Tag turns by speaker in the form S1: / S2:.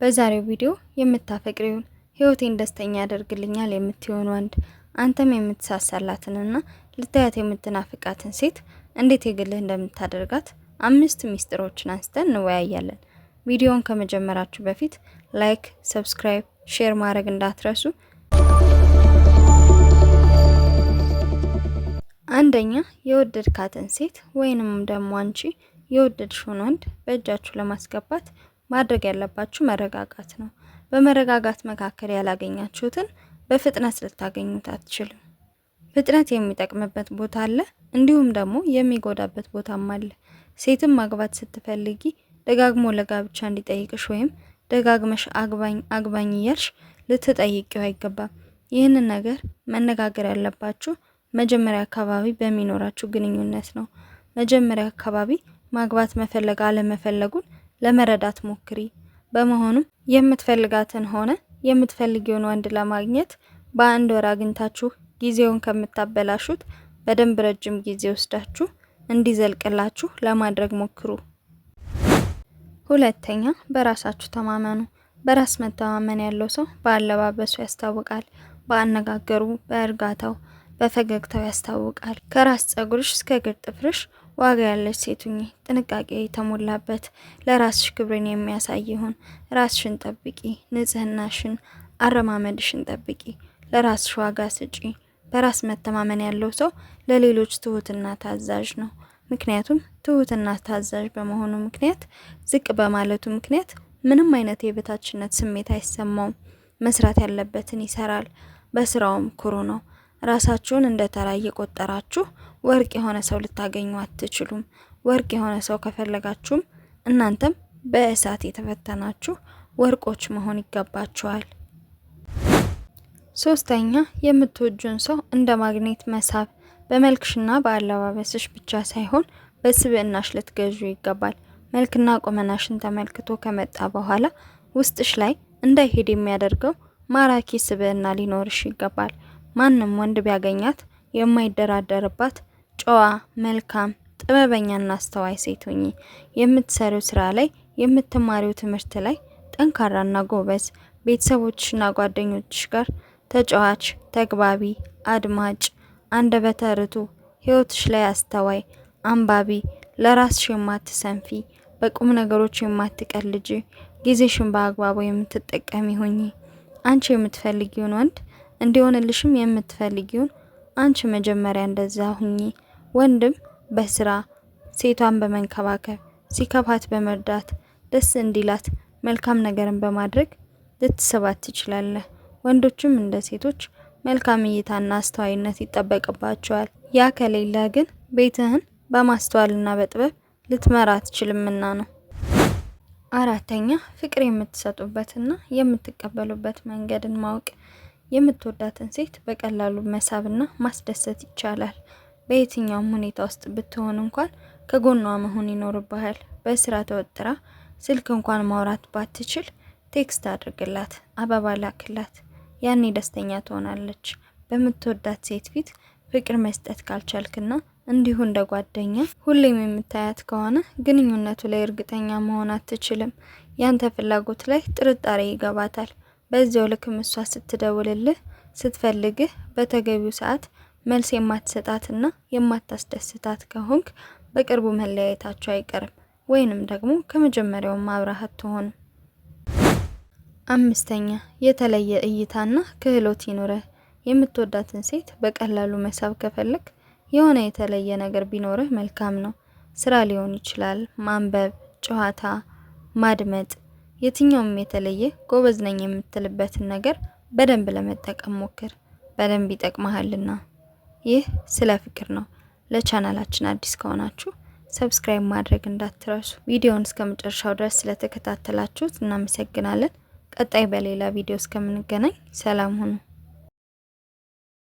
S1: በዛሬው ቪዲዮ የምታፈቅሪውን ህይወቴን ደስተኛ ያደርግልኛል የምትሆን ወንድ አንተም የምትሳሳላትንና ልታያት የምትናፍቃትን ሴት እንዴት የግልህ እንደምታደርጋት አምስት ሚስጥሮችን አንስተን እንወያያለን። ቪዲዮውን ከመጀመራችሁ በፊት ላይክ፣ ሰብስክራይብ፣ ሼር ማድረግ እንዳትረሱ። አንደኛ የወደድካትን ሴት ወይንም ደግሞ አንቺ የወደድሽውን ወንድ በእጃችሁ ለማስገባት ማድረግ ያለባችሁ መረጋጋት ነው። በመረጋጋት መካከል ያላገኛችሁትን በፍጥነት ልታገኙት አትችልም። ፍጥነት የሚጠቅምበት ቦታ አለ፣ እንዲሁም ደግሞ የሚጎዳበት ቦታም አለ። ሴትም ማግባት ስትፈልጊ ደጋግሞ ለጋብቻ እንዲጠይቅሽ ወይም ደጋግመሽ አግባኝ አግባኝ እያልሽ ልትጠይቂው አይገባም። ይህንን ነገር መነጋገር ያለባችሁ መጀመሪያ አካባቢ በሚኖራችሁ ግንኙነት ነው። መጀመሪያ አካባቢ ማግባት መፈለግ አለመፈለጉን ለመረዳት ሞክሪ። በመሆኑም የምትፈልጋትን ሆነ የምትፈልጊውን ወንድ ለማግኘት በአንድ ወር አግኝታችሁ ጊዜውን ከምታበላሹት በደንብ ረጅም ጊዜ ወስዳችሁ እንዲዘልቅላችሁ ለማድረግ ሞክሩ። ሁለተኛ፣ በራሳችሁ ተማመኑ። በራስ መተማመን ያለው ሰው በአለባበሱ ያስታውቃል፣ በአነጋገሩ፣ በእርጋታው፣ በፈገግታው ያስታውቃል። ከራስ ጸጉርሽ እስከ እግር ጥፍርሽ ዋጋ ያለች ሴቱኝ ጥንቃቄ የተሞላበት ለራስሽ ክብርን የሚያሳይ ይሁን። ራስሽን ጠብቂ፣ ንጽህናሽን፣ አረማመድሽን ጠብቂ፣ ለራስሽ ዋጋ ስጪ። በራስ መተማመን ያለው ሰው ለሌሎች ትሁትና ታዛዥ ነው። ምክንያቱም ትሁትና ታዛዥ በመሆኑ ምክንያት ዝቅ በማለቱ ምክንያት ምንም አይነት የበታችነት ስሜት አይሰማውም። መስራት ያለበትን ይሰራል። በስራውም ኩሩ ነው። ራሳችሁን እንደ ተራ እየቆጠራችሁ ወርቅ የሆነ ሰው ልታገኙ አትችሉም። ወርቅ የሆነ ሰው ከፈለጋችሁም እናንተም በእሳት የተፈተናችሁ ወርቆች መሆን ይገባችኋል። ሶስተኛ የምትወጁን ሰው እንደ ማግኔት መሳብ። በመልክሽና በአለባበስሽ ብቻ ሳይሆን በስብዕናሽ ልትገዙ ይገባል። መልክና ቁመናሽን ተመልክቶ ከመጣ በኋላ ውስጥሽ ላይ እንዳይሄድ የሚያደርገው ማራኪ ስብዕና ሊኖርሽ ይገባል። ማንም ወንድ ቢያገኛት የማይደራደርባት ጨዋ፣ መልካም፣ ጥበበኛና አስተዋይ ሴት ሁኚ። የምትሰሪው ስራ ላይ፣ የምትማሪው ትምህርት ላይ ጠንካራና ጎበዝ፣ ቤተሰቦችና ጓደኞች ጋር ተጫዋች፣ ተግባቢ፣ አድማጭ፣ አንደበተ ርቱዕ፣ ህይወትሽ ላይ አስተዋይ፣ አንባቢ፣ ለራስሽ የማትሰንፊ፣ በቁም ነገሮች የማትቀልጅ ጊዜሽን በአግባቡ የምትጠቀሚ ሁኚ። አንቺ የምትፈልጊውን ወንድ እንዲሆንልሽም የምትፈልጊውን አንቺ መጀመሪያ እንደዛ ሁኚ። ወንድም በስራ ሴቷን በመንከባከብ ሲከፋት በመርዳት ደስ እንዲላት መልካም ነገርን በማድረግ ልትስባት ትችላለህ። ወንዶችም እንደ ሴቶች መልካም እይታና አስተዋይነት ይጠበቅባቸዋል። ያ ከሌለ ግን ቤትህን በማስተዋልና በጥበብ ልትመራ ትችልምና ነው። አራተኛ ፍቅር የምትሰጡበትና የምትቀበሉበት መንገድን ማወቅ የምትወዳትን ሴት በቀላሉ መሳብና ማስደሰት ይቻላል። በየትኛውም ሁኔታ ውስጥ ብትሆን እንኳን ከጎኗ መሆን ይኖርብሃል። በስራ ተወጥራ ስልክ እንኳን ማውራት ባትችል ቴክስት አድርግላት፣ አበባ ላክላት። ያኔ ደስተኛ ትሆናለች። በምትወዳት ሴት ፊት ፍቅር መስጠት ካልቻልክና እንዲሁ እንደ ጓደኛ ሁሌም የምታያት ከሆነ ግንኙነቱ ላይ እርግጠኛ መሆን አትችልም። ያንተ ፍላጎት ላይ ጥርጣሬ ይገባታል። በዚያው ልክም እሷ ስትደውልልህ ስትፈልግህ በተገቢው ሰዓት መልስ የማትሰጣትና የማታስደስታት ከሆንክ በቅርቡ መለያየታቸው አይቀርም፣ ወይንም ደግሞ ከመጀመሪያው ማብራሃት ትሆን። አምስተኛ የተለየ እይታና ክህሎት ይኖረ የምትወዳትን ሴት በቀላሉ መሳብ ከፈለግ የሆነ የተለየ ነገር ቢኖርህ መልካም ነው። ስራ ሊሆን ይችላል፣ ማንበብ፣ ጨዋታ፣ ማድመጥ የትኛውም የተለየ ጎበዝ ነኝ የምትልበትን ነገር በደንብ ለመጠቀም ሞክር፣ በደንብ ይጠቅመሃልና። ይህ ስለ ፍቅር ነው። ለቻናላችን አዲስ ከሆናችሁ ሰብስክራይብ ማድረግ እንዳትረሱ። ቪዲዮውን እስከ መጨረሻው ድረስ ስለተከታተላችሁት እናመሰግናለን። ቀጣይ በሌላ ቪዲዮ እስከምንገናኝ ሰላም ሁኑ።